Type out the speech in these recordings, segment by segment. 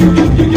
Thank you.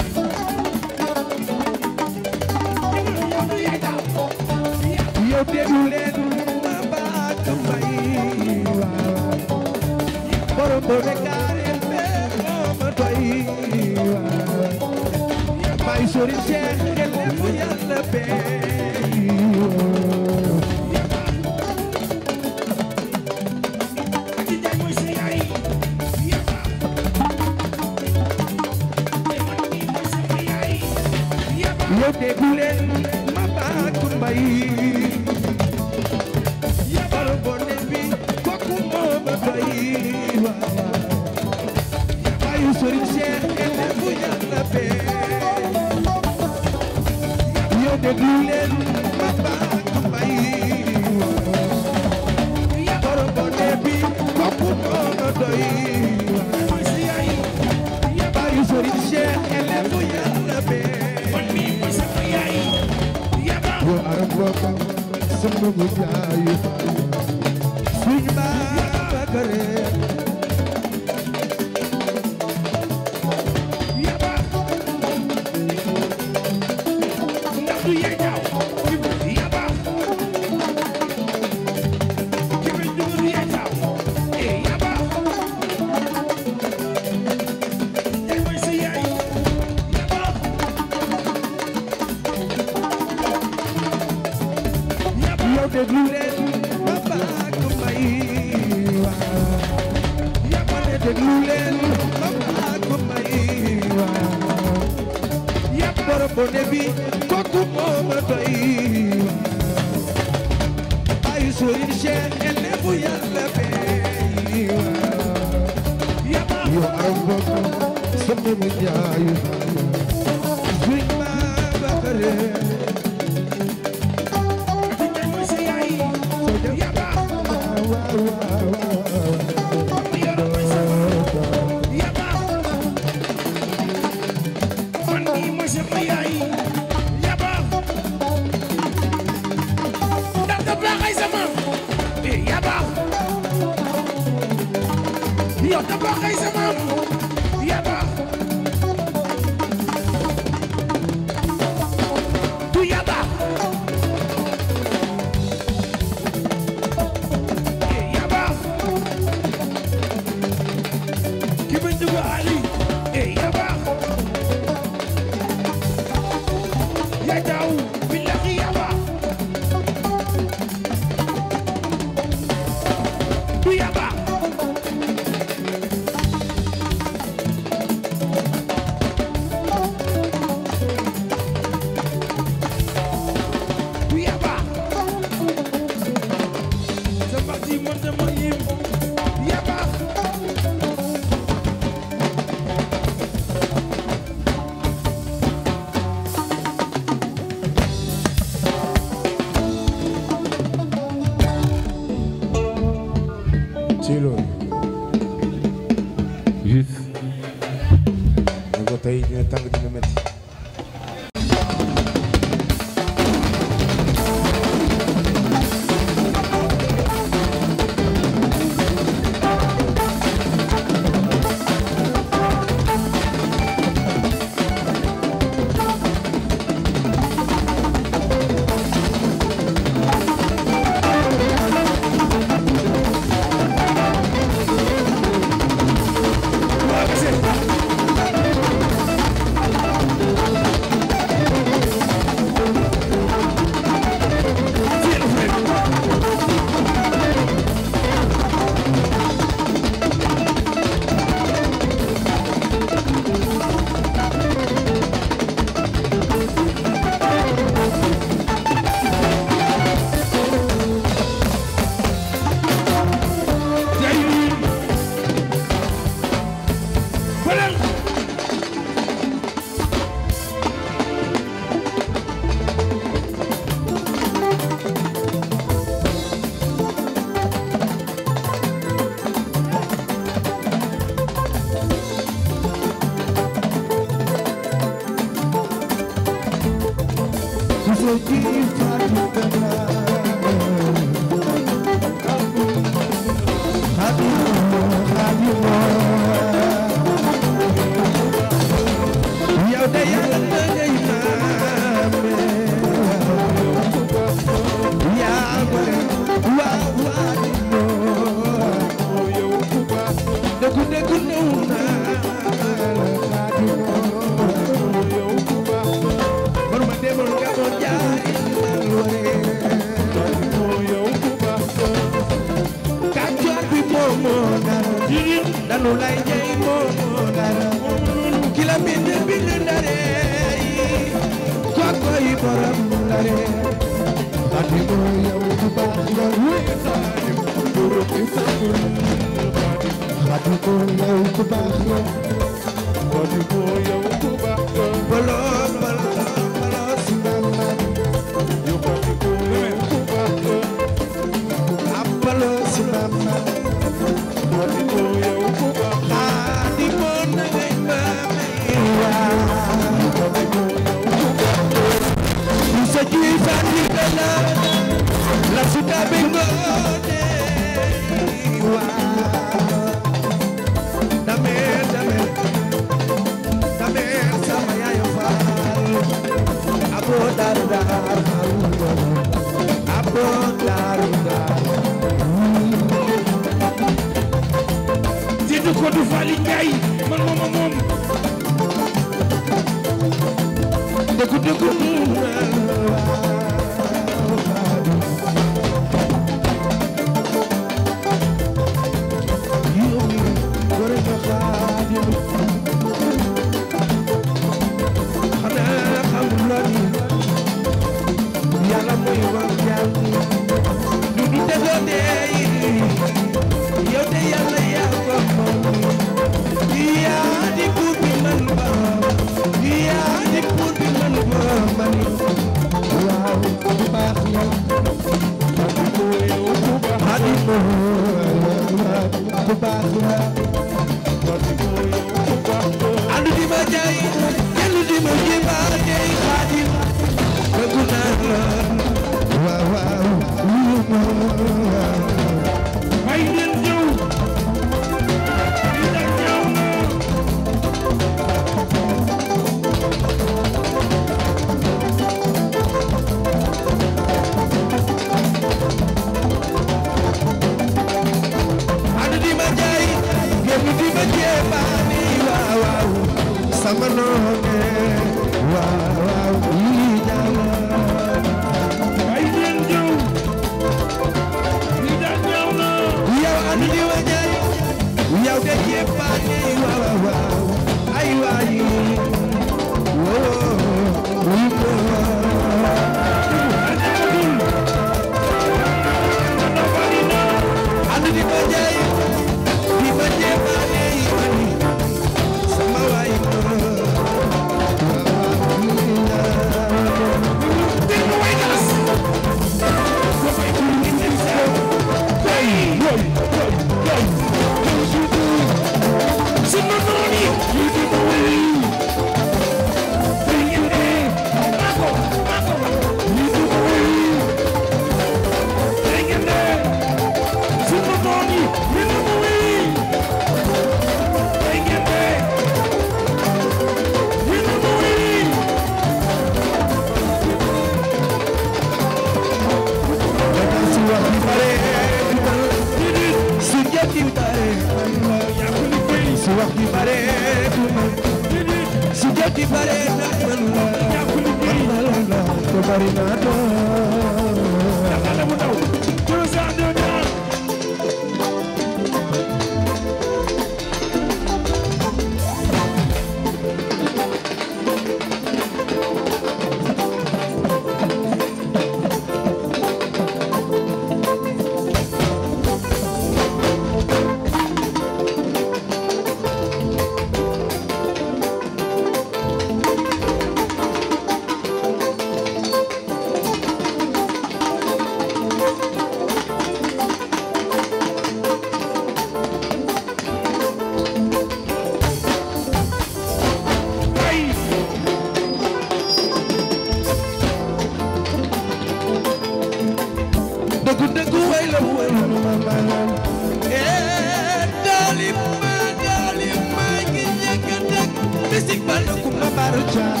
mystique bal na kumba baaru jaar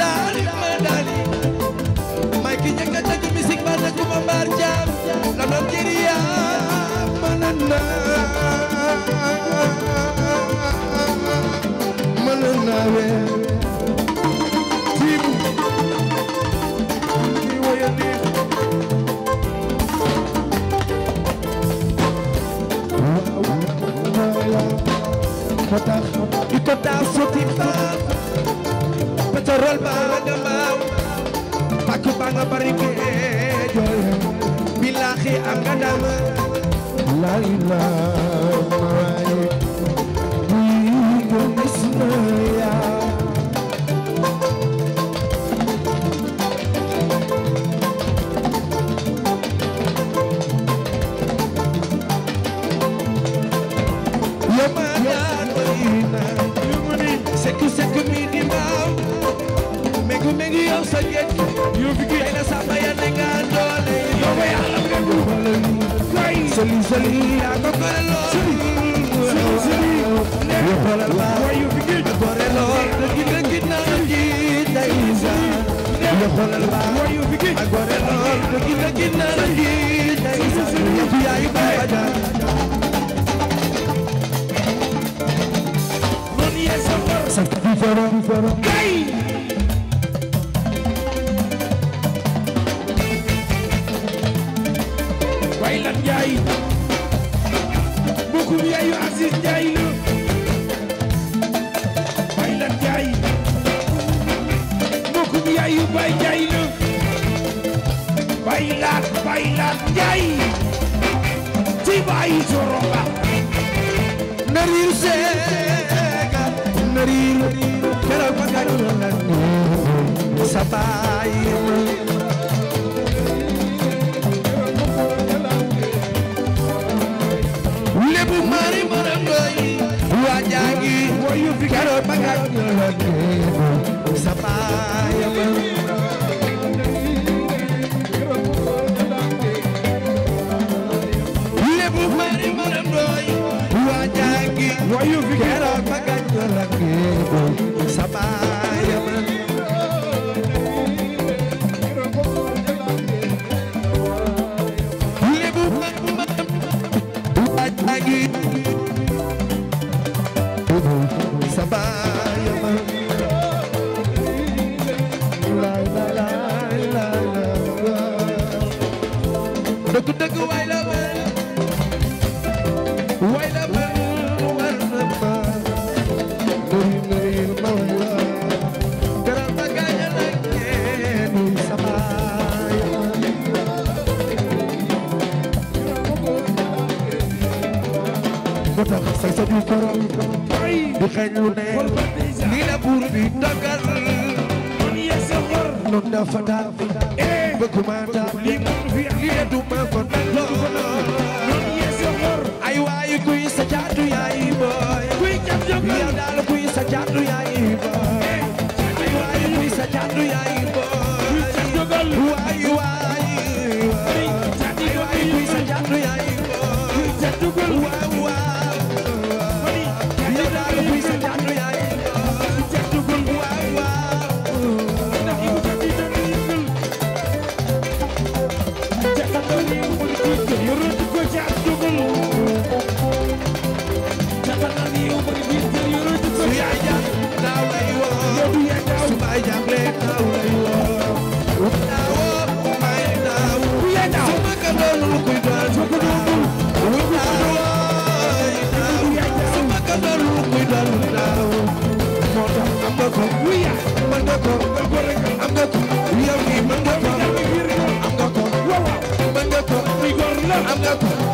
daali ma daali may ki njëkk a tagg mystique bal na kumba baaru jaar la Nigeria manana manana Kota Sutimba ba nga maaw pàcc ba nga bari géejooy bilaahi am nga ndam la léegi yow sa géej yow fi géej na samba yàlla nga doole yow ba yàlla nga dugal koy soli soli yaa ko gore lool soli soli yow xoolal ma yow fi géej gore lool dëgg dëgg naa ji day sa yow xoolal ma yow fi géej gore lool dëgg dëgg naa ji day sa yow yaay baay ba Sa fi forom forom kay Ndan Ndiaye mbokku bi yaayu Aziz Ndiaye la Baye Ndan Ndiaye mbokku bi yaayu Baye Ndiaye la Baye Laat Baye Laat Ndiaye ci Baye Joronga nariir seega nariir keroog ba gàññi la sa baay keroog ba nga ñoroon déggoo sa baaya ba lébu mari maram dooy waa jàngi wayu fi keroog ba nga ñoroon déggoo sa baaya dëgg dëgg way la mel way la mel war na ma nuyu nuyu ma way la garab ba gaaña la ngeen sama moo tax say sa du korom di xeeñ lu ne nii la buur bi tàggal noonu dafa daal na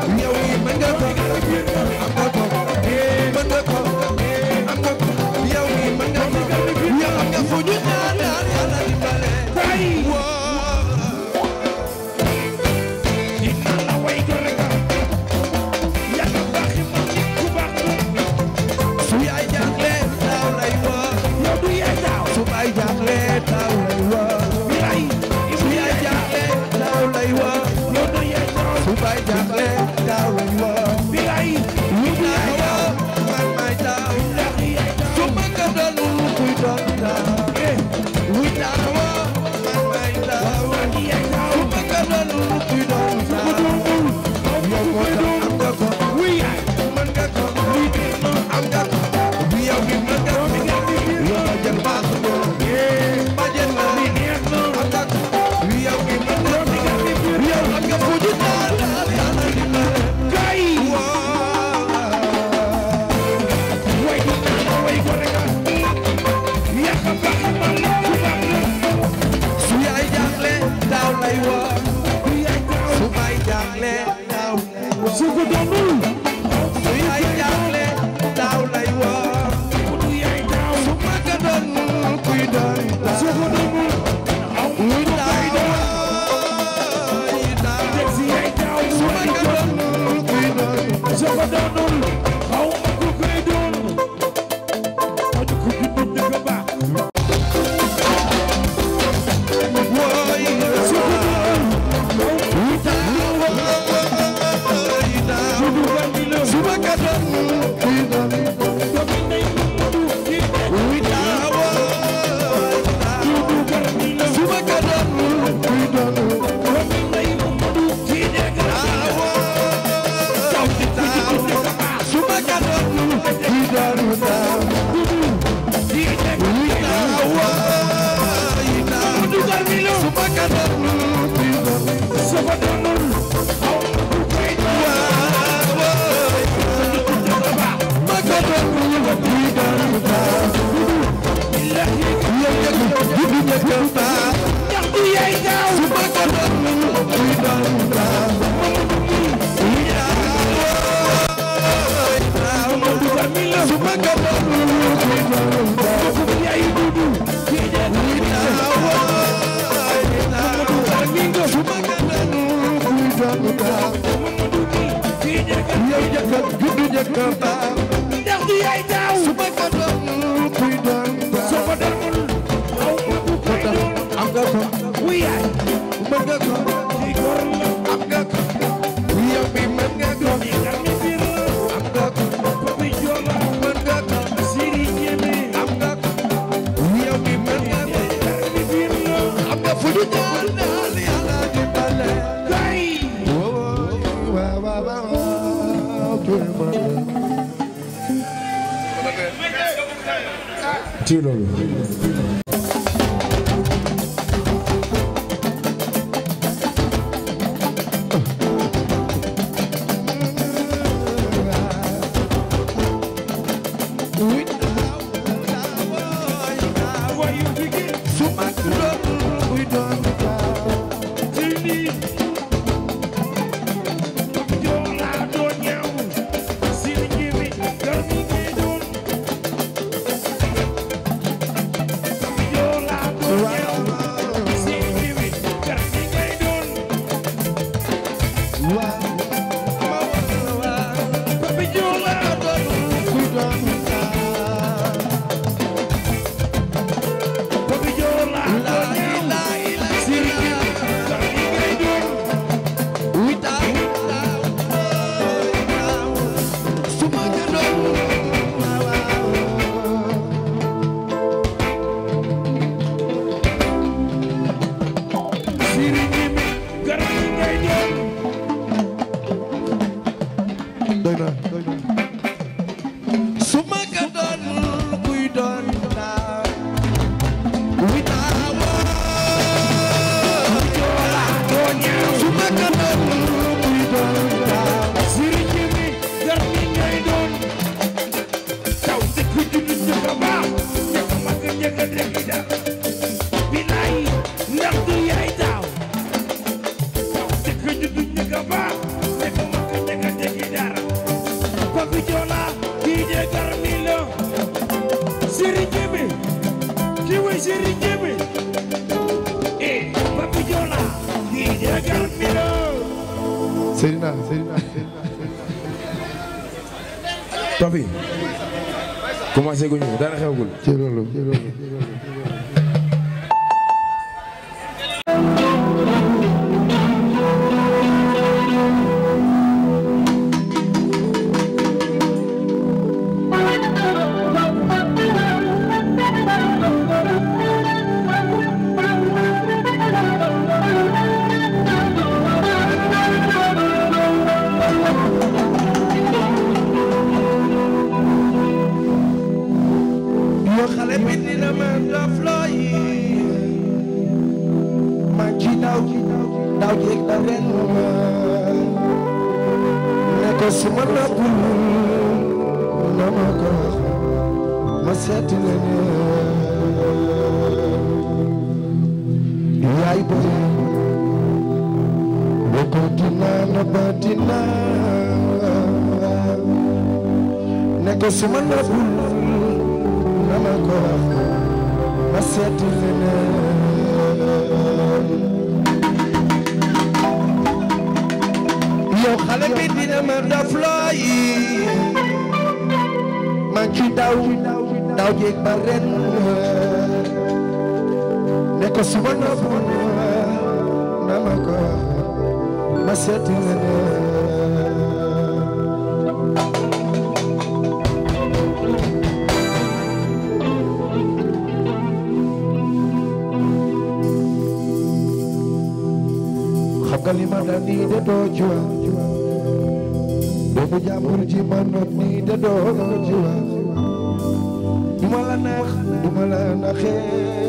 nax du ma la naxee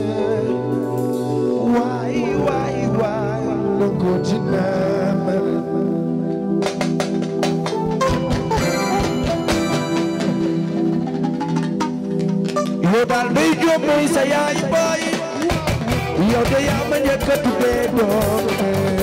waay waay waay nangu dinaa mel yow daal day jóob mooy sa yaay booy yow de yaa ma njëkk a tuddee doom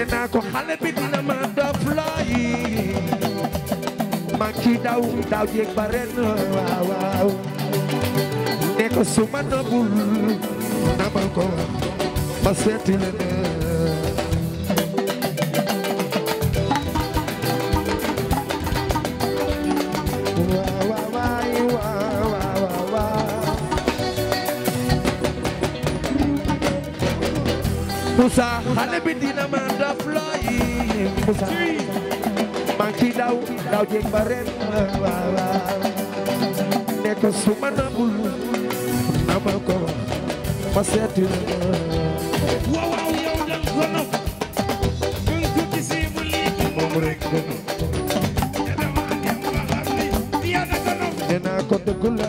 ne naa ko xale bi ma daf lay ma ci daw daw jéeg ba ren waaw waaw ne ko su ma nabul na ma ko ma seeti leneen Moussa xale bi dina ma daf looyi Moussa maa ngi daw daw jéeg ba ren waaw ne ko su ma nabul na ma ko ma seeti la waaw waaw yow nopp buñ ko gisee lii moom rek ko nopp te dama ko nopp la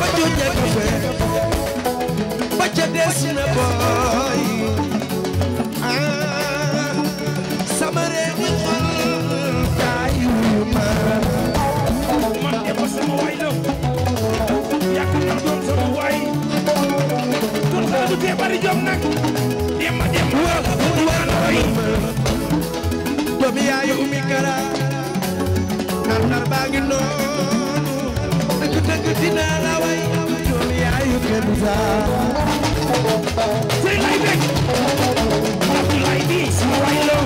ba jooja ka fee ba ca des na booy aa ah, sama reeni xol kaayu ma man de ba sama waay la yàgg na doon sama waay kon saa du tee bari jom nag dem dem war war waay doomi yaayu umi kara nar nar baa ngi noon dinaa la way doom yaayu kenn saa sey lay bég Abdoulaye bi sama way lo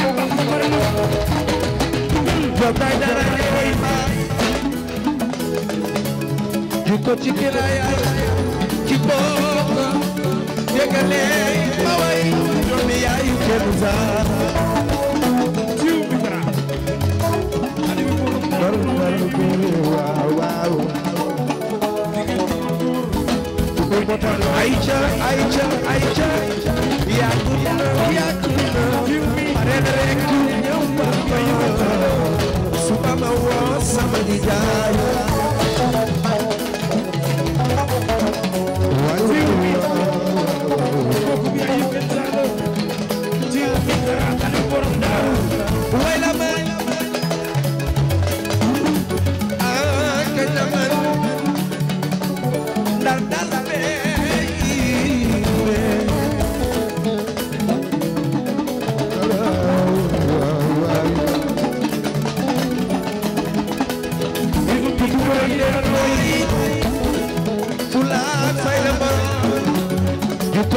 yàlla ko bari na job day dara lay way ma ju ko ci kena yaay ci bokk dégale ma way doom yaayu kenn saa waaw waaw ku ko tal ayca ayca ayca yàgg na yàgg na pare na rek ñëw ba ba yow suba ma woo sama nijaay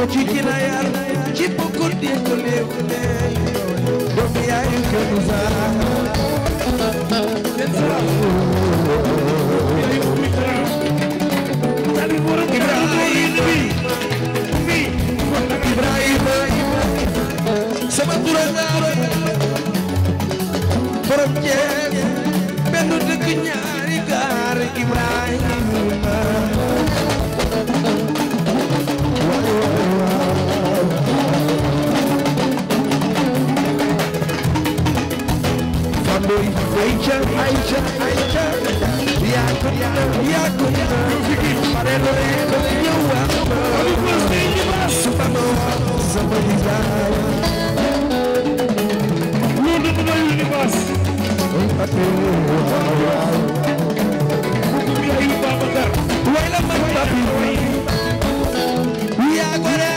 ko ci kina yar ci bokkul di ko leew leey doom yaayu kenn saa kenn saa tabi wara Ibrahima bi Ibrahima sama turandoo borom jeeg benn dëkk ñaari gaar Ibrahima koy ayca ayca ayca yaa ko yaa ko pare loolee ñëw wax ma suba ma wax sama nijaay loolu dina yónni baas way la mañ papi yaa gore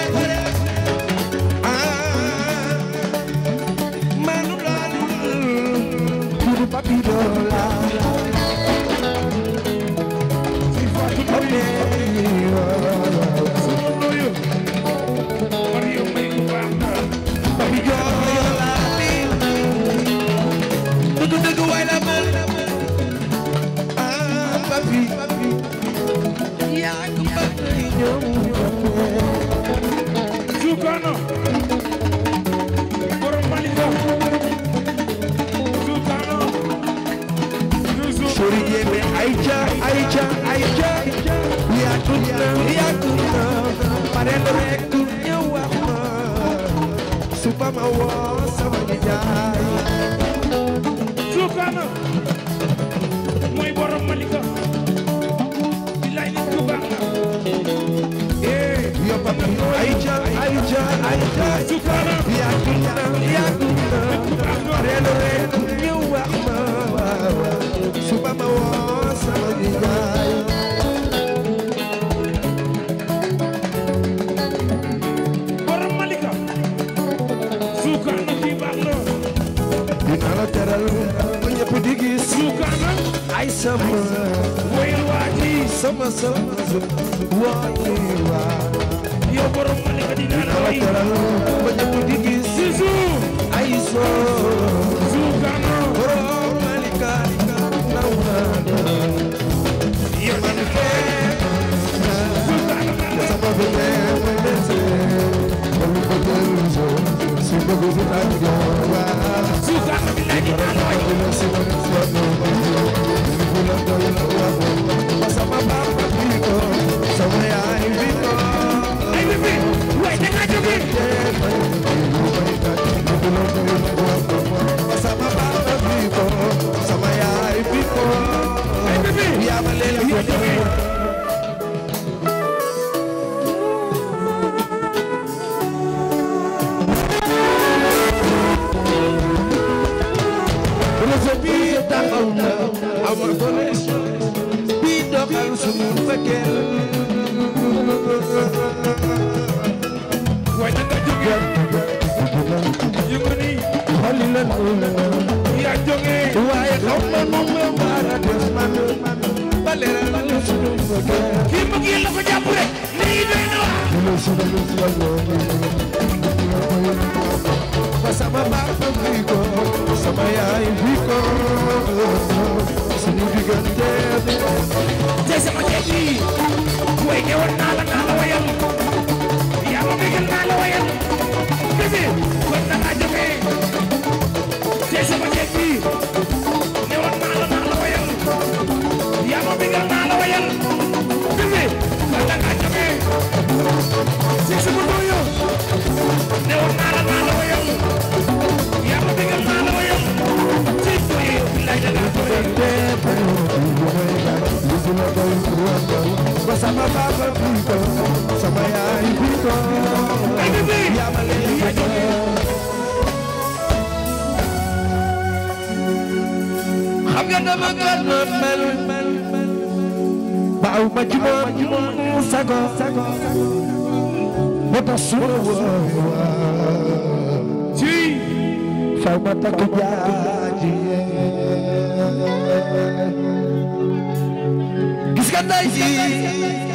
gis nga ndey ji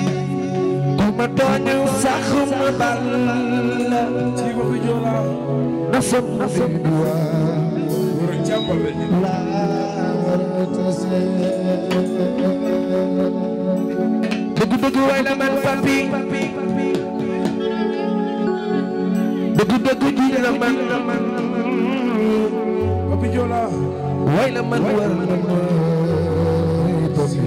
ma tooñ sax ma bal la na fam na fam la dëgg dëgg way la man papi dëgg dëgg ji la man papi Joola way la man war na papi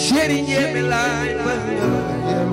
chéri ñeme laay bëgg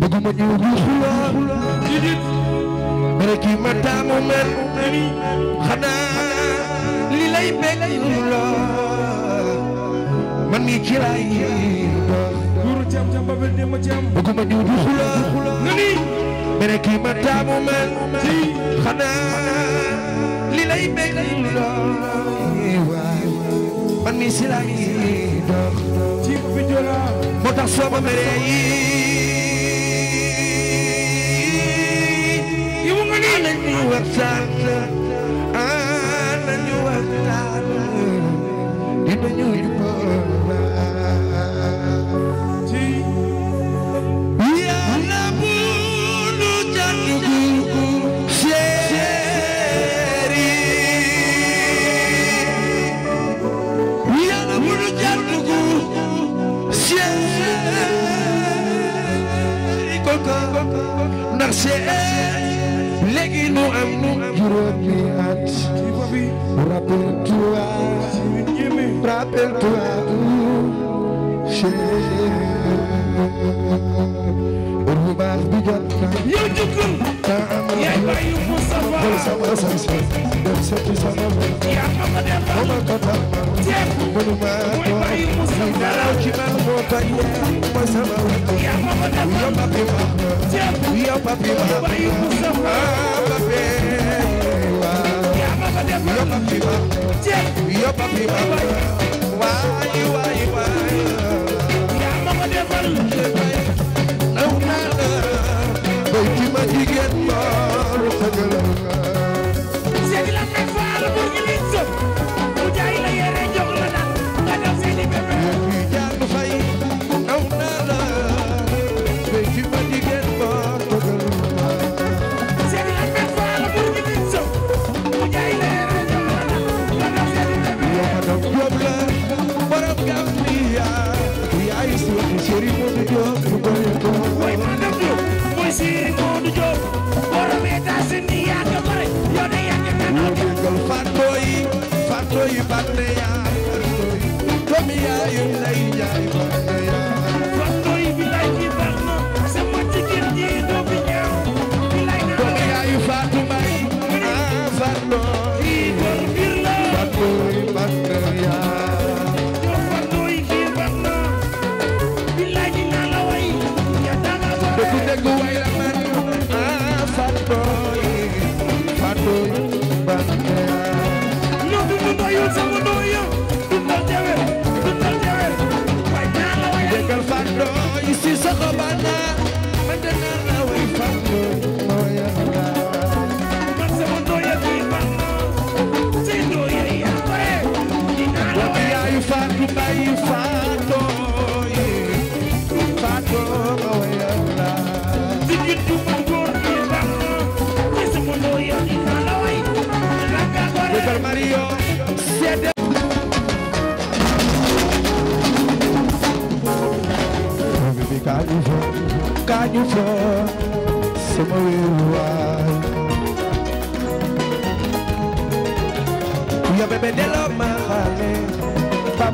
bëgguma ñëw ruusu la ma ma taamu xanaa li lay bëgg la man mii ci laay bëgguma ñëw ruusu ma ne xanaa li lay bëgg la mi si lay dox cib bi jora moo tax soo ma mere yi yow nga ni nañu waxtaan nañu waxtaan di nañu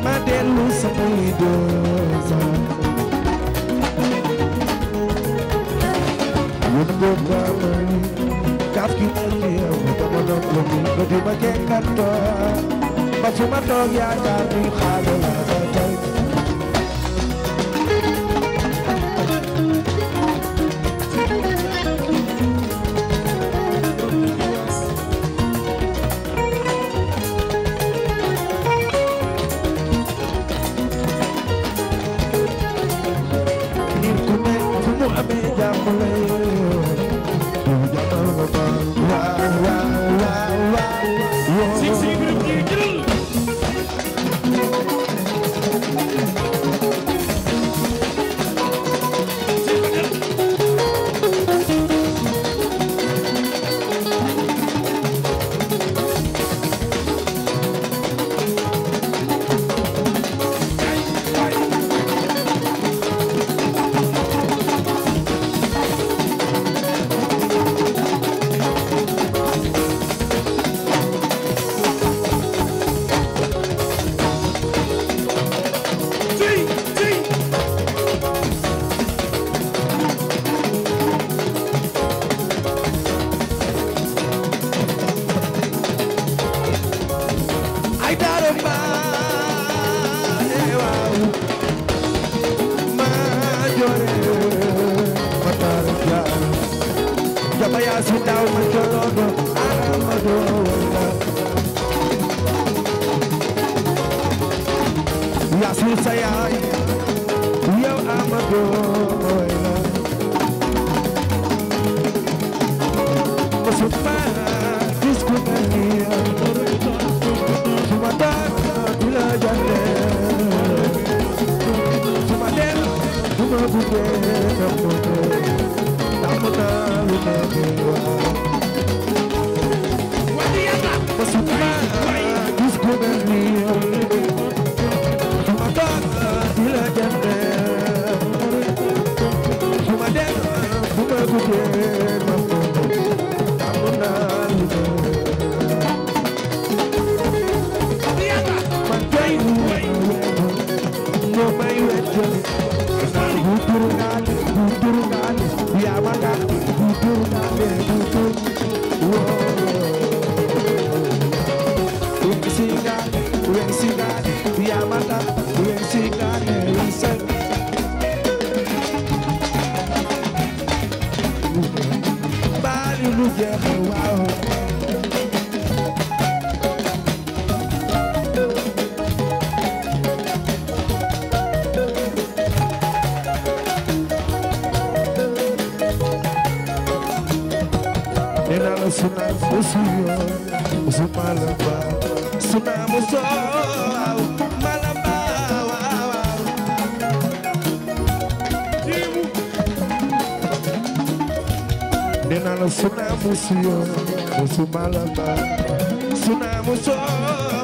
ma dellu samay doosa wut boo baamay kaaf gi ëndi yow dama doon lomi ba di ma kenn kantoor ba fu ma toog yaakaar ni xaaral waaw musu yoo musu malaba su naa musoo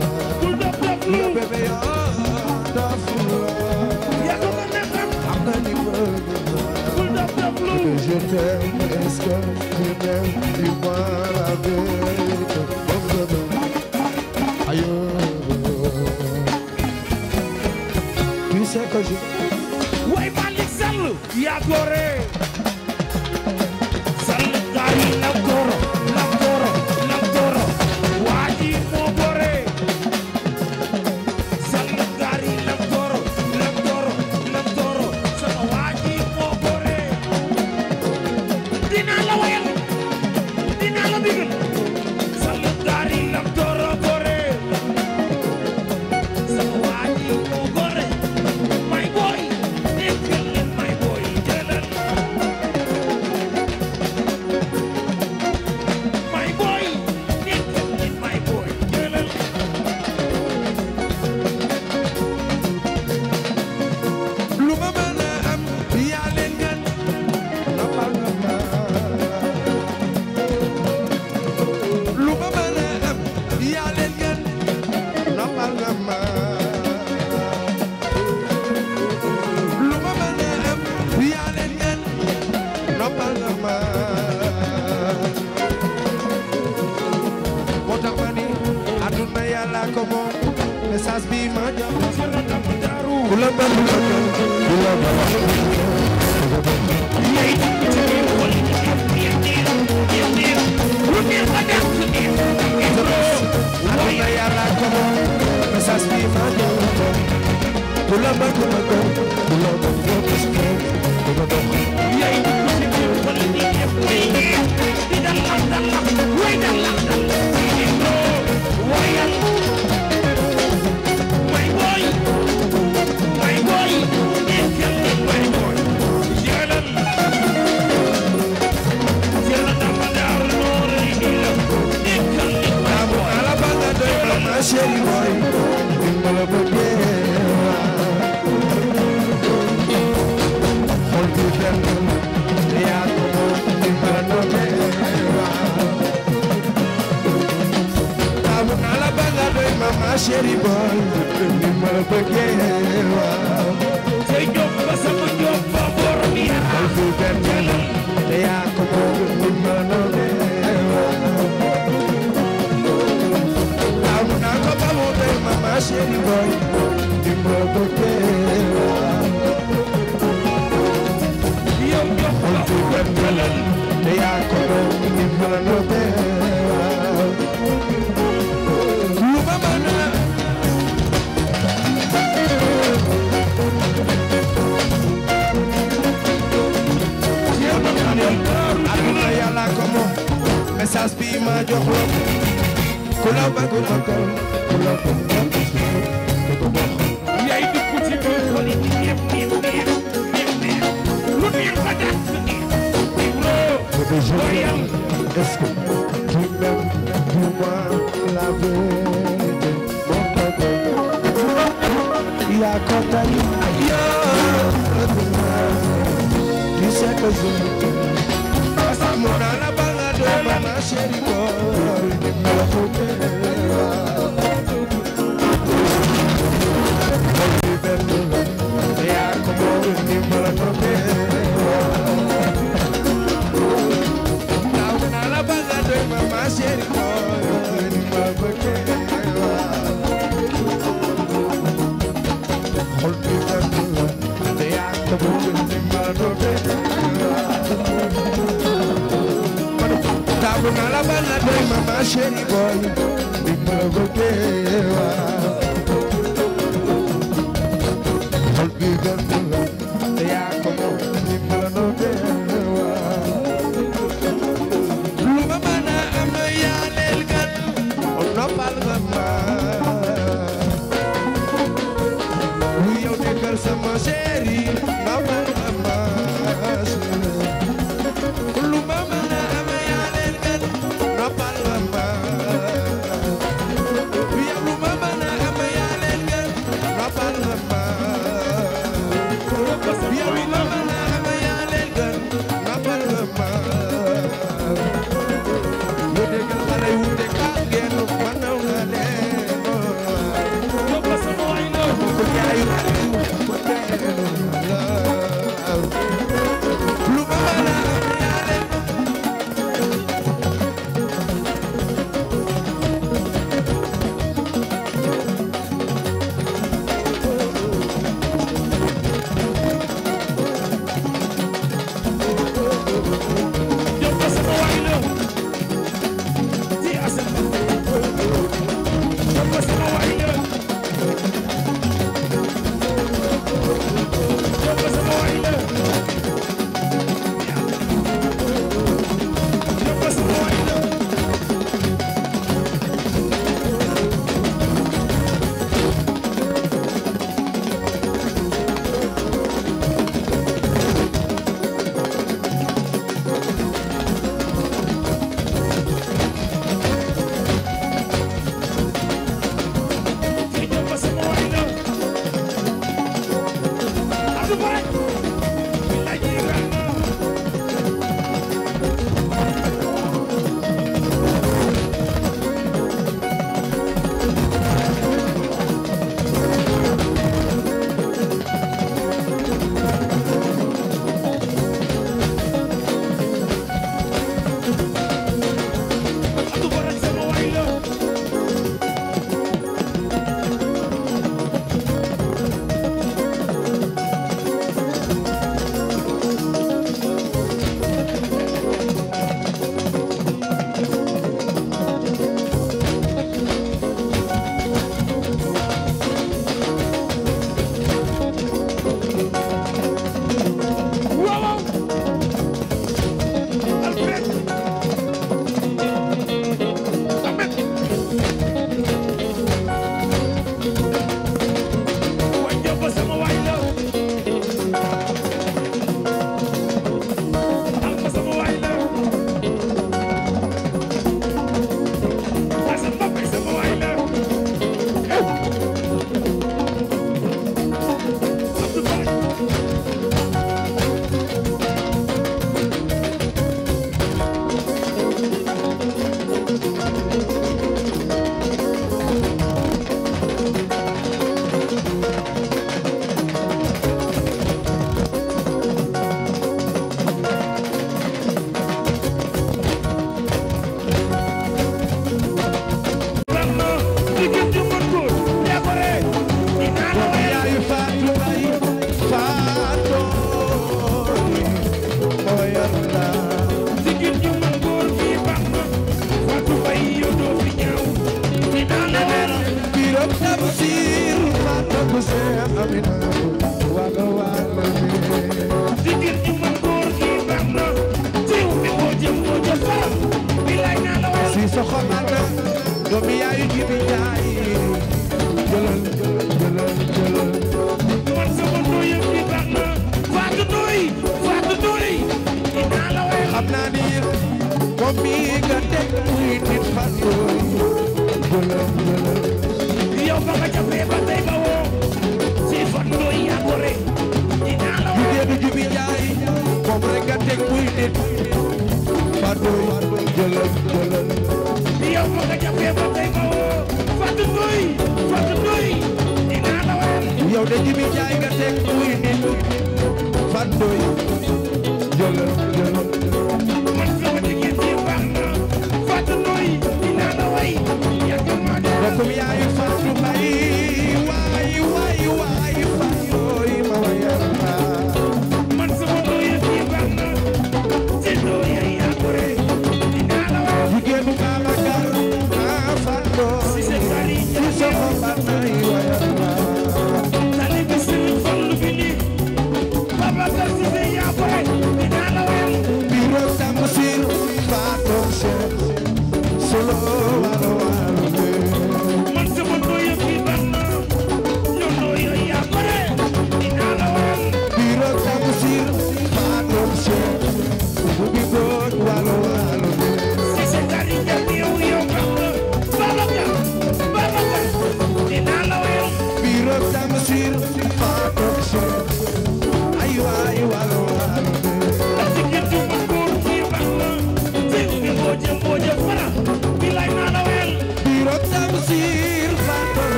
t'aime, est-ce que tu m'aimes, dis-moi la vérité. Aïe, tu sais que je. Ouais, Malik Sall, il a adoré. chéri boy di ma la bëggee waaw xol bi gën la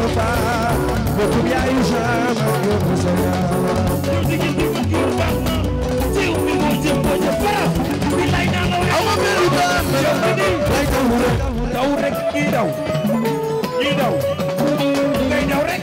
kurba, bo tu ja już mam daw rek kii daw kii daw ngay daw rek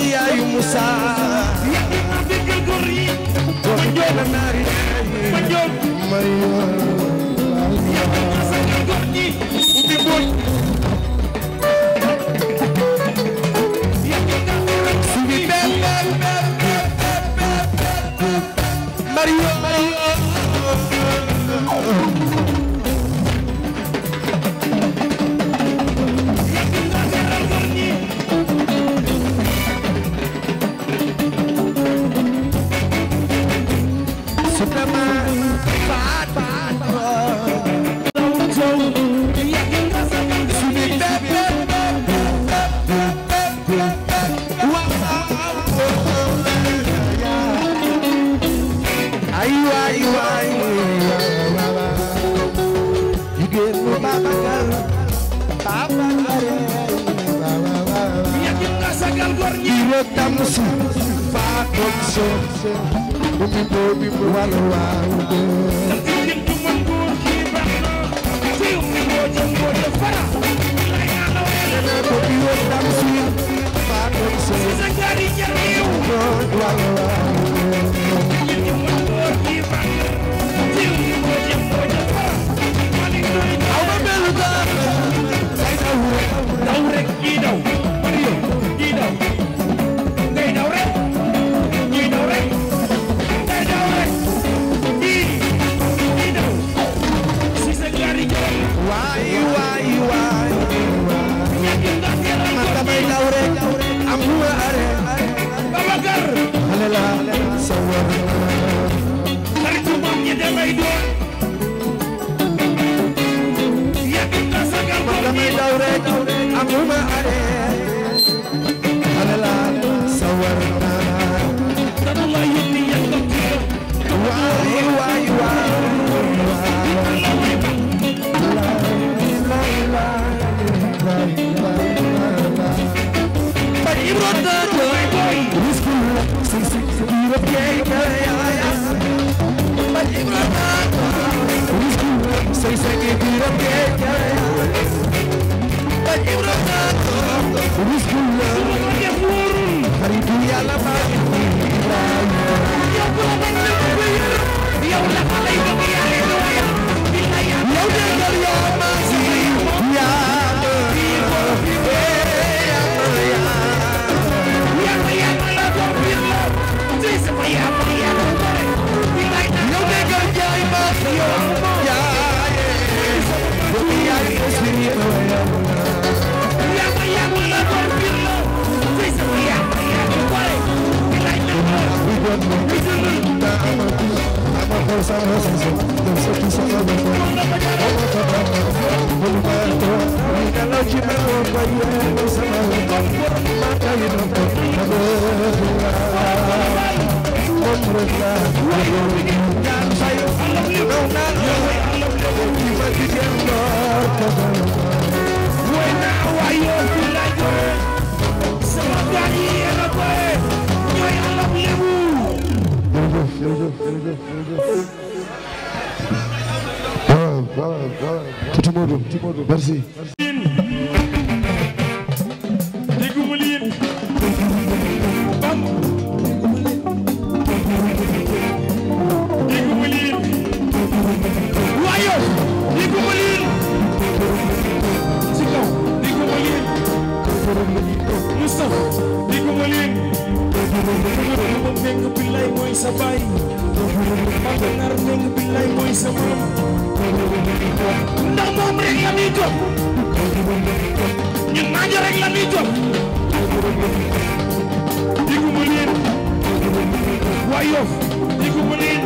am yaayu Moussa yaayu ma déggal góor yi ma njool ma naari ma njool ma yor Mario Merci. sa baay Mbakke nar ñoom billaay mooy sa maam ndax moom rek la ñuy jox ñun naajo rek la ñuy jox diguma leen waa Yoff diguma leen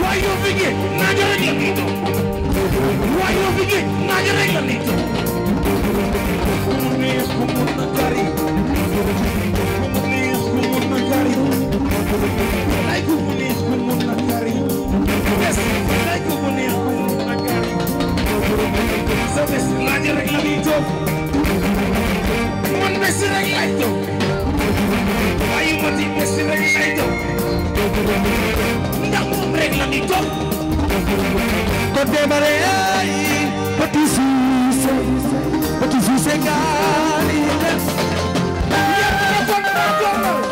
waa gi naajo rek la ñuy jox waa gi naajo rek la ñuy jox ku mu neex Like who needs who would not carry? Yes, like who needs who would not carry? Service, large reglamento. One best reglamento. Why you want the best reglamento? Ndax moom rek la ñu toog. Kon demale ay petit suuse petit suuse gaal yi. Yàlla kon naa ko.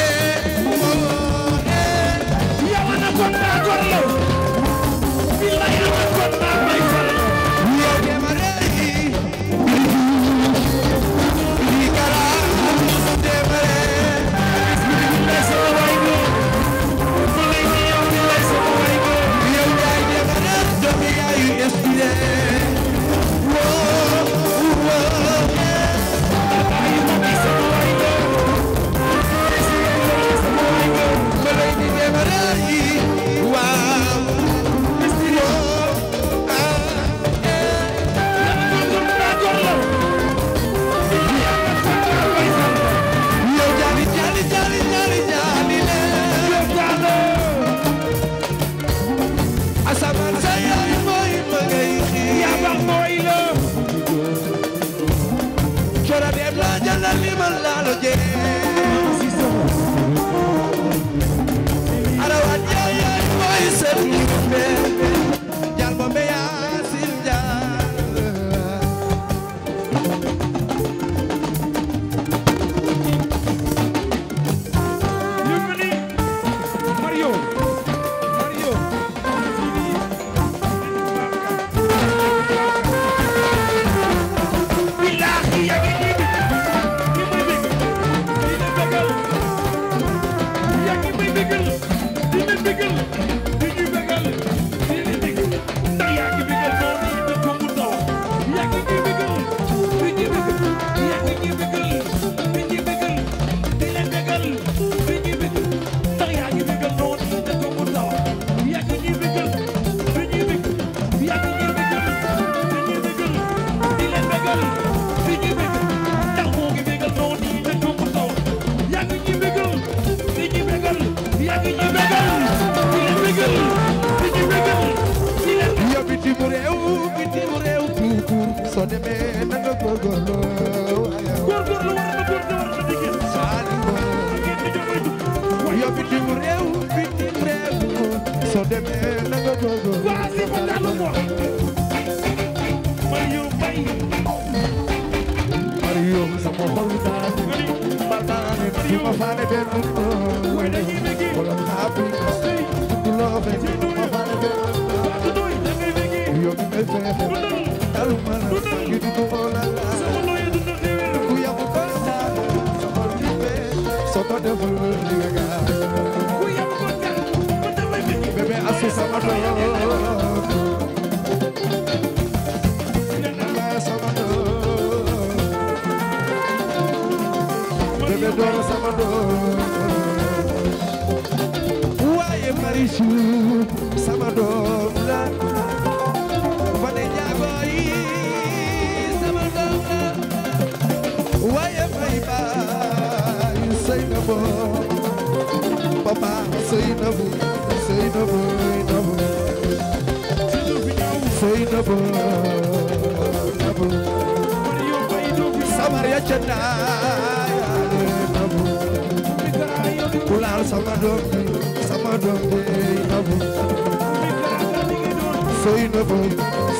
Seynaba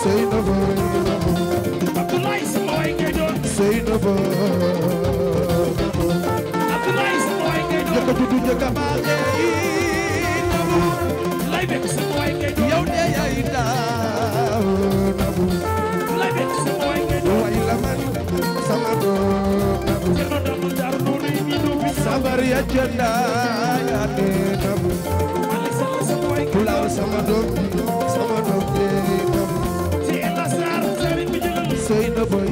Seynaba Abdoulaye si mooy ngay doon Seynaba Abdoulaye si mooy ngay doon jëkk juddu jëkk maale Nabu lay bekk si mooy ngay doon yow de yaay daaw Nabu lay bekk si mooy ngay doon waay la man sama doom Nabu jëno damu dar noonu yi ñu bi sabar ya jëndaa yaa de Nabu Pulaw sama doom sama doom jéey tam ci Ella Sarr sëriñ bi jëlal sëy na boy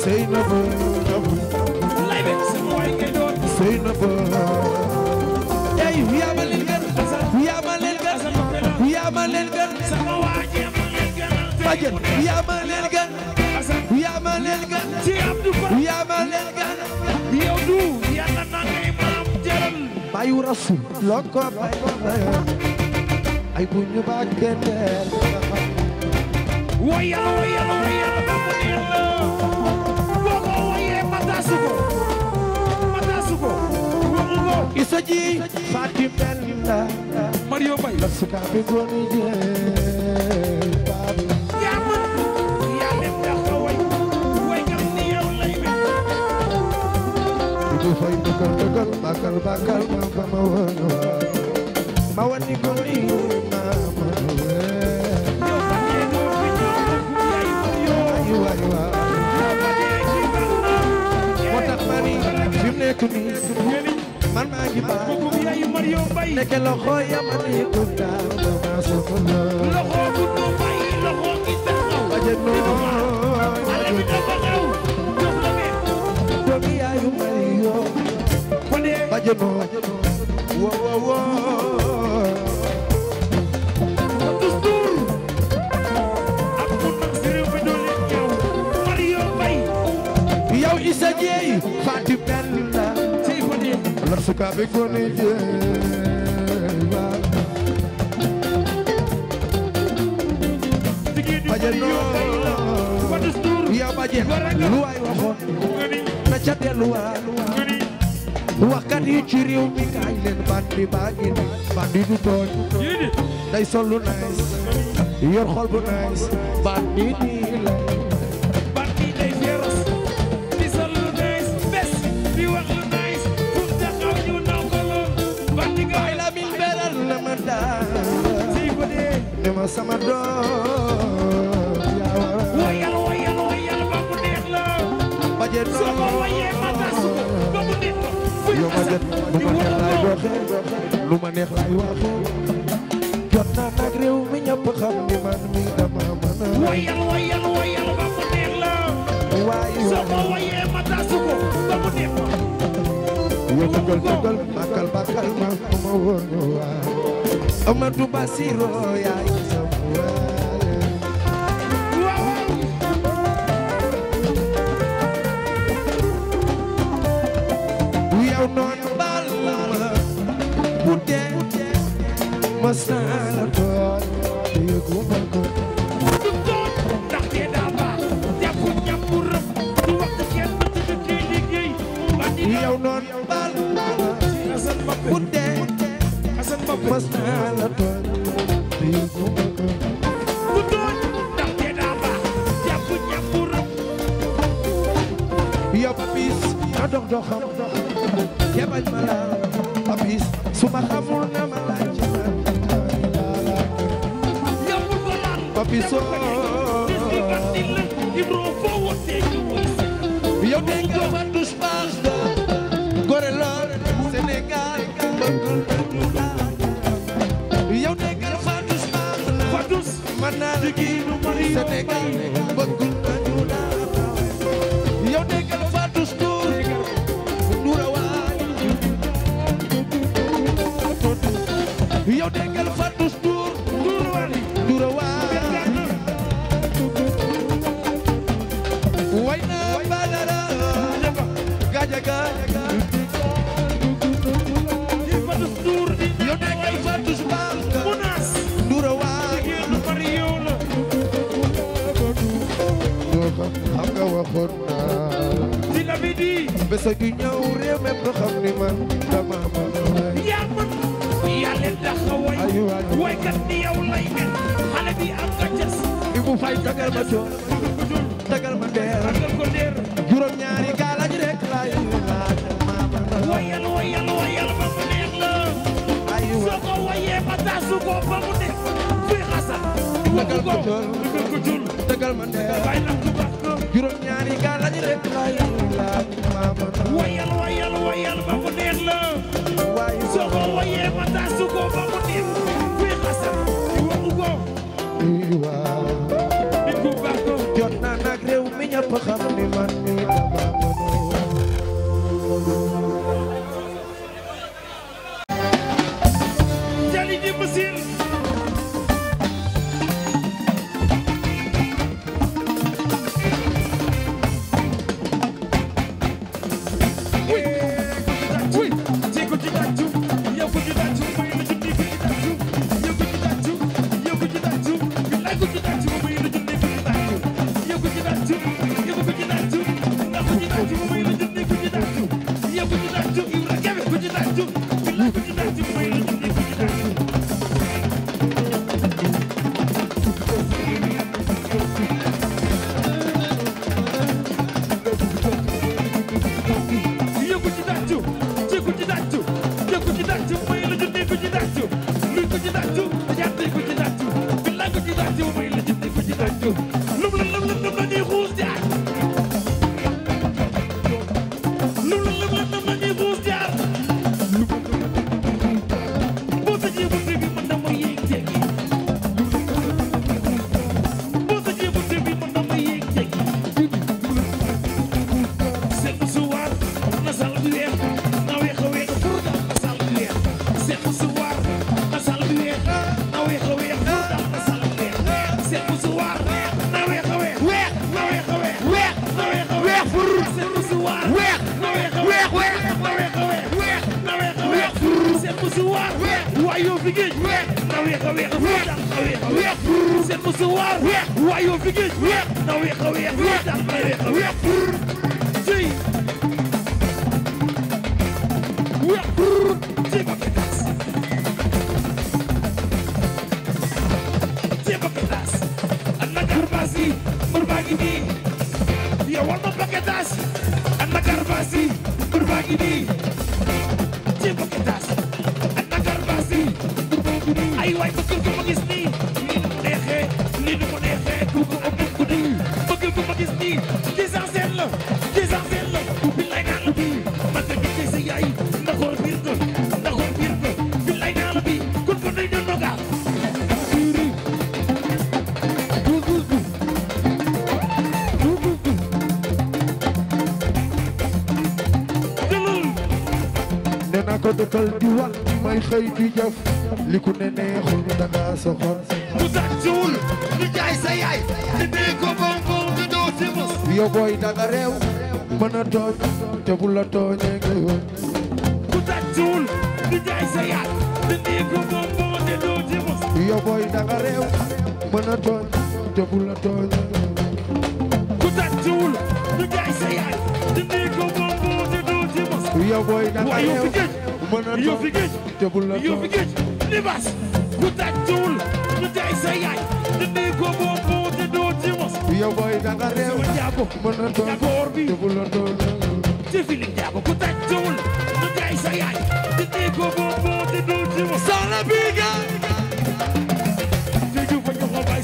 sëy na boy tam lay bi sama way ngay doon sëy na boy ey yaa ma leen gën yaa ma leen gën yaa ma leen gën sama waa jéem ma leen gën yaa ma leen gën yaa ma leen gën ci Abdou Ba yaa ma leen gën yow du yàlla na ngay maam jëral bayu rasul loko bayu ay bu ñu bàggee leer woyal woyal woyal ba mu neex la boo ko woyee mataasu ko mataasu ko waxu ko isa ji faati mel la Mario Bay la suka bi goni jee baabi yaa man yaa leen tax a way way nga ni yow lay mel du fay bëggal bëggal bàkkal bàkkal ma ba ma woon waa Wow, wow, wow. sukaɓe koni jeewa baje no ya baje luway waxoon na ca delluwa waxkat yi ci réew mi kaay leen bandi baa ngi ni bandi du tooñ day sol lu yor xol bu nice bandi nii la sama doom woyal woyal woyal ba mu la baje no soo ko woyee ma tas ba mu la yo lu ma neex laay doxe lu ma neex laay waxo jot xam ni man mi dama mën a woyal woyal woyal ba mu la waaye soo ko ma tas ba mu neex la yo tugal tugal bakal bakal ma ma wóor ñu waa Amadou Basiro yaay doxam ya bañ ma la abis su ma xamul na ma la biso yow de nga war du spaas da gore lool Sénégal yow de nga war du spaas da man naa la Sénégal sa ju ñëw réew mépp xam ni man dama man yaa man yaa leen daxa way waykat ni yow lay mel xale bi am nga cas Ibou Faye tagal ma coon tagal ma deer tagal ko deer juróom ñaari gaalaj rek lay laaj wayal wayal wayal ba mu neex la soo ko wayee ba taasu ko ba mu neex kuy xasa tagal ma coon tagal ma deer bay na tuba juróom ñaari gaal lañu lekk wayal wayal wayal ba mu neex la soo ko wayee ma taasu ko ba mu neex kuy xasal waxu ko waaw nit ku baax ko jot naa nag réew mi ñëpp xam ne neexal di wal may xëy di jëf li ku ne neexul danga soxor bu tàccuwul di jaay sa yaay di dee ko bonbon di doo si mos yow booy danga réew mën a tooñ te bu la tooñee nga wëñ bu tàccuwul di jaay sa yaay di dee ko bonbon di doo si mos yow booy danga réew mën a tooñ te bu la tooñee bu tàccuwul di jaay sa yaay di dee ko bonbon di doo si mos yow booy danga réew yoo fi gëj yoo fi gëj libaas ku tàccuwul du tey sa yaay du nii ko boobu te doo ci mos yow booy danga réew sama jaago jagoor bi ci fili jaago ku tàccuwul du tey sa yaay du nii ko boobu te doo ci mos saana biiga te juufa ñu ko bay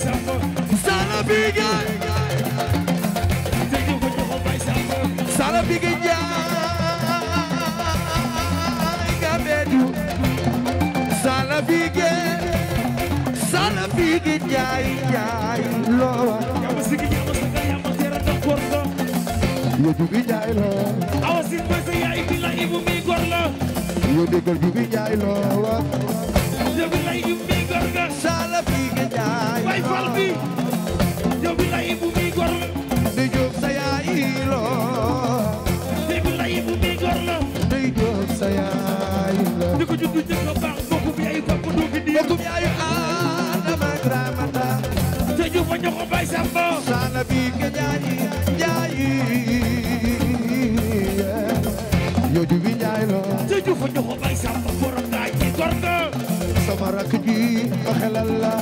saana biiga Salafige Salafige jaay jaay lo Yabasigi yabasaga yabasera da gorlo Yo jugi jaay lo Awasin basa yaay bila ibu mi gorlo Yo degal jugi jaay lo Yo bila ibu mi gorga Salafige jaay Bay falbi Yo bila ibu mi gorlo De job sa yaay lo De bila ibu mi gorlo De job sa yaay lo Diko juddu jikko bëtum yaayu Adama ak Ramata te ñu fa ñu ko bay samba sana bi ke jaayi jaayi bi jaay lo te fa ñu bay samba borom daa ci gor nga sama rakk ji ba xelal la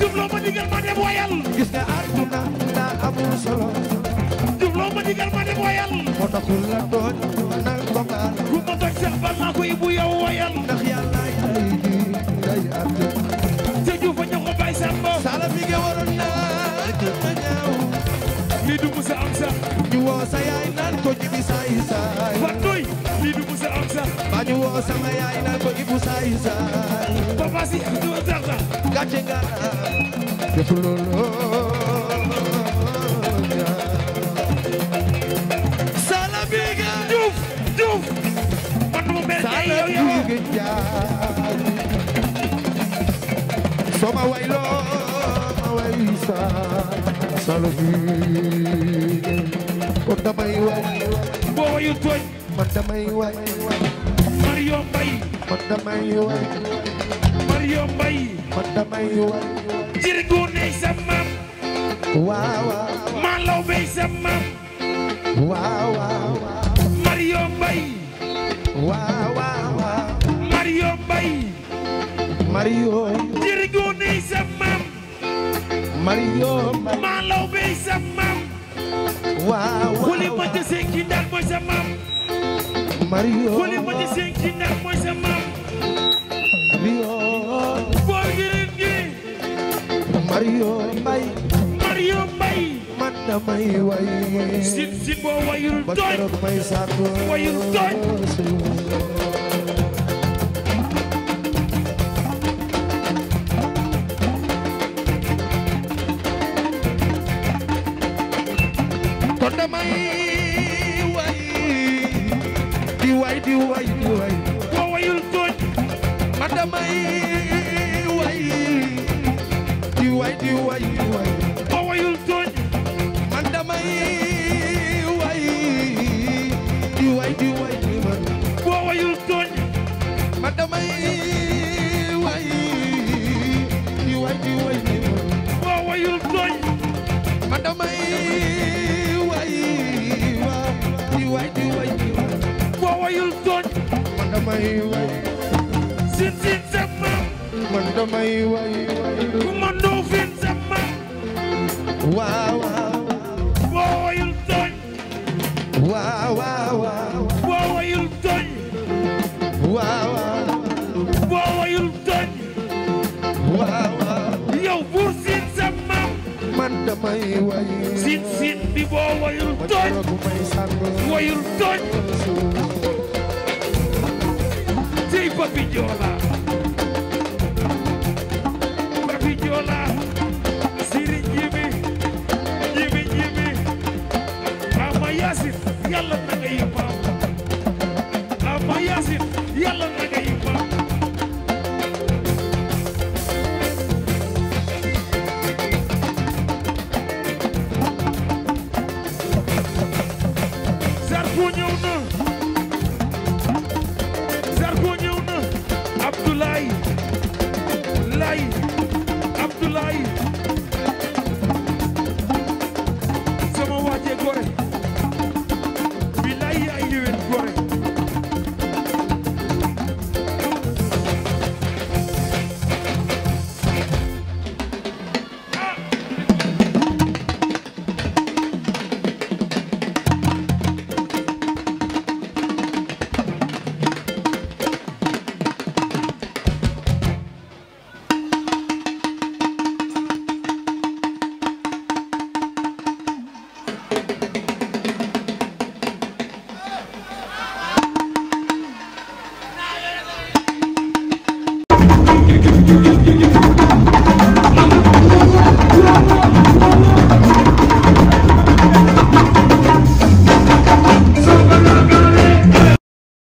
jubloo ma digal ma dem wayal gis nga àdduna naa amul solo jubloo ma digal ma dem wayal moo taxul la tooñ na ko ku ma tooñ sax bal ibu yow wayal nga waroon naa jël na ñaaw lii du musa am sax ñu woo sa yaay naan ko jibi saay saay fatuy lii du musa am sax ba ñu woo sama yaay naan ko jibu saay saay papa si du sax la gàcce nga def loolu sala bi nga juuf juuf man mu mel yow yow sala soo ma wayloo kon damay way boo wayu tooñ man damay way Mario Mbaye man damay way Mario Mbaye man damay way jirgo ney sa maam waaw waaw maa law bay sa maam waaw Koli Mbathie Sène ki ndar mooy sa maam. Mario Koli Mbathie Sène ki ndar mooy sa maam. Mario. Boy Girin gi. Mario Mbaye. Mario Mbaye. man damay way. sit sit boo wayul tooñ. ba keroog may sàkk. wayul tooñ. damay dul tooñ man damay way sin sin sama man damay way ku ma ndoo fin sama waaw waaw boo wayul tooñ waaw waaw boo wayul tooñ waaw boo wayul tooñ waaw yow buur sin sama man damay way sin sin bi boo wayul tooñ wayul tooñ fi joola